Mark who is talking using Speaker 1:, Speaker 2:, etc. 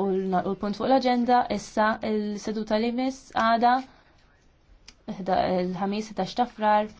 Speaker 1: u l-punt fuq l-agenda issa il-seduta li mis għada il-ħamis ta' xtafrar.